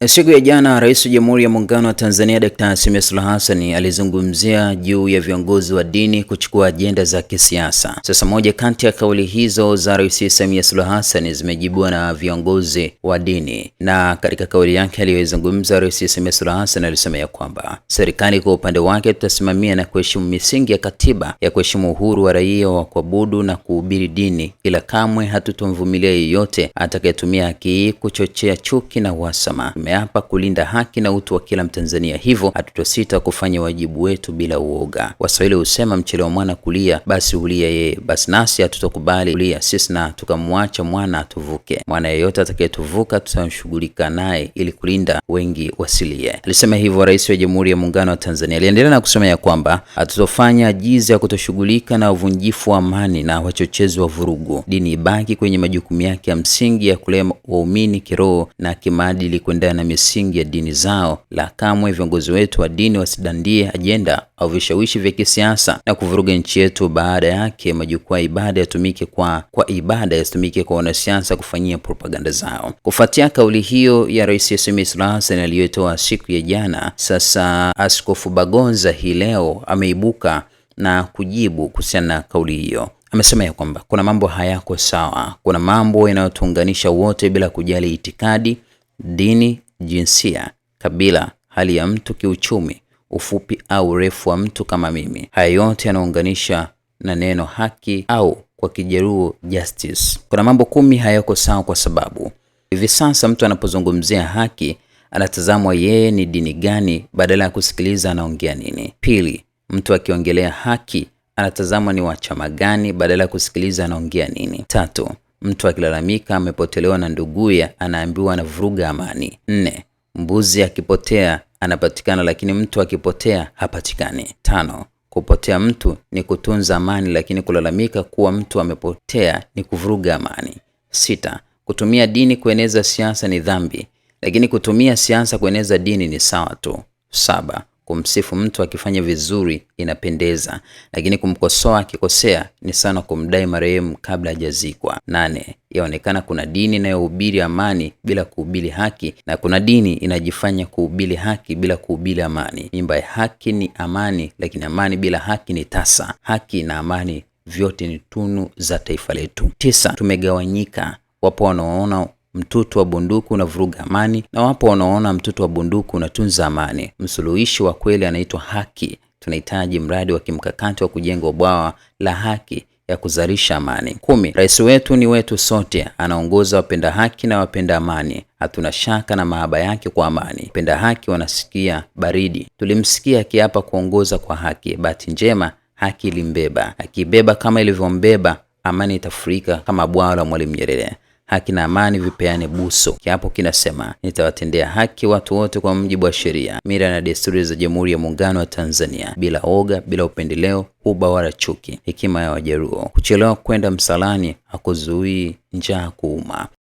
Eh, siku ya jana Rais wa Jamhuri ya Muungano wa Tanzania Dkt. Samia Suluhu Hassan alizungumzia juu ya viongozi wa dini kuchukua ajenda za kisiasa. Sasa moja kati ya kauli hizo za Rais Samia Suluhu Hassan zimejibwa na viongozi wa dini, na katika kauli yake aliyoizungumza Rais Samia Suluhu Hassan alisema ya kwamba serikali kwa upande wake tutasimamia na kuheshimu misingi ya katiba ya kuheshimu uhuru wa raia wa kuabudu na kuhubiri dini, ila kamwe hatutomvumilia yeyote atakayetumia haki hii kuchochea chuki na uhasama tumeapa kulinda haki na utu wa kila Mtanzania, hivyo hatutosita kufanya wajibu wetu bila uoga. Waswahili husema mchele wa mwana kulia, basi hulia yeye. Basi nasi hatutokubali kulia sisi na tukamwacha mwana atuvuke. Mwana yeyote atakayetuvuka tutamshughulika naye ili kulinda wengi wasilie. Alisema hivyo Rais wa Jamhuri ya Muungano wa Tanzania. Aliendelea na kusema ya kwamba hatutofanya jizi ya kutoshughulika na uvunjifu wa amani na wachochezi wa vurugu. Dini ibaki kwenye majukumu yake ya msingi ya kulea waumini kiroho na kimaadili kuendana na misingi ya dini zao. La, kamwe viongozi wetu wa dini wasidandie ajenda au vishawishi vya kisiasa na kuvuruga nchi yetu. Baada yake, majukwaa ibada yatumike kwa kwa ibada yasitumike kwa wanasiasa kufanyia propaganda zao. Kufuatia kauli hiyo ya Rais Samia Suluhu Hassan aliyoitoa siku ya jana, sasa Askofu Bagonza hii leo ameibuka na kujibu kuhusiana na kauli hiyo. Amesema ya kwamba kuna mambo hayako sawa, kuna mambo yanayotuunganisha wote bila kujali itikadi, dini jinsia, kabila, hali ya mtu kiuchumi, ufupi au urefu wa mtu kama mimi. Haya yote yanaunganisha na neno haki au kwa kijeruo justice. Kuna mambo kumi hayako sawa kwa sababu hivi sasa mtu anapozungumzia haki anatazamwa yeye ni dini gani badala ya kusikiliza anaongea nini. Pili, mtu akiongelea haki anatazamwa ni wa chama gani badala ya kusikiliza anaongea nini. Tatu, Mtu akilalamika amepotelewa na nduguye anaambiwa anavuruga amani. Nne, mbuzi akipotea anapatikana, lakini mtu akipotea hapatikani. Tano, kupotea mtu ni kutunza amani, lakini kulalamika kuwa mtu amepotea ni kuvuruga amani. Sita, kutumia dini kueneza siasa ni dhambi, lakini kutumia siasa kueneza dini ni sawa tu. Saba, Kumsifu mtu akifanya vizuri inapendeza, lakini kumkosoa akikosea ni sana kumdai marehemu kabla hajazikwa. Nane, yaonekana kuna dini inayohubiri amani bila kuhubiri haki na kuna dini inajifanya kuhubiri haki bila kuhubiri amani. Nyumba ya haki ni amani, lakini amani bila haki ni tasa. Haki na amani vyote ni tunu za taifa letu. Tisa, tumegawanyika. Wapo wanaoona mtoto wa bunduku unavuruga amani, na wapo wanaona mtoto wa bunduku unatunza amani. Msuluhishi wa kweli anaitwa haki. Tunahitaji mradi wa kimkakati wa kujenga bwawa la haki ya kuzalisha amani. Kumi. Rais wetu ni wetu sote, anaongoza wapenda haki na wapenda amani. Hatuna shaka na mahaba yake kwa amani. Wapenda haki wanasikia baridi. Tulimsikia akiapa kuongoza kwa haki, bahati njema haki ilimbeba. Akibeba kama ilivyombeba, amani itafurika kama bwawa la Mwalimu Nyerere haki na amani vipeane buso. Kiapo kinasema nitawatendea haki watu wote kwa mujibu wa sheria, mira na desturi za Jamhuri ya Muungano wa Tanzania, bila oga, bila upendeleo, uba wala chuki. Hekima ya Wajaruo: kuchelewa kwenda msalani hakuzuii njaa kuuma,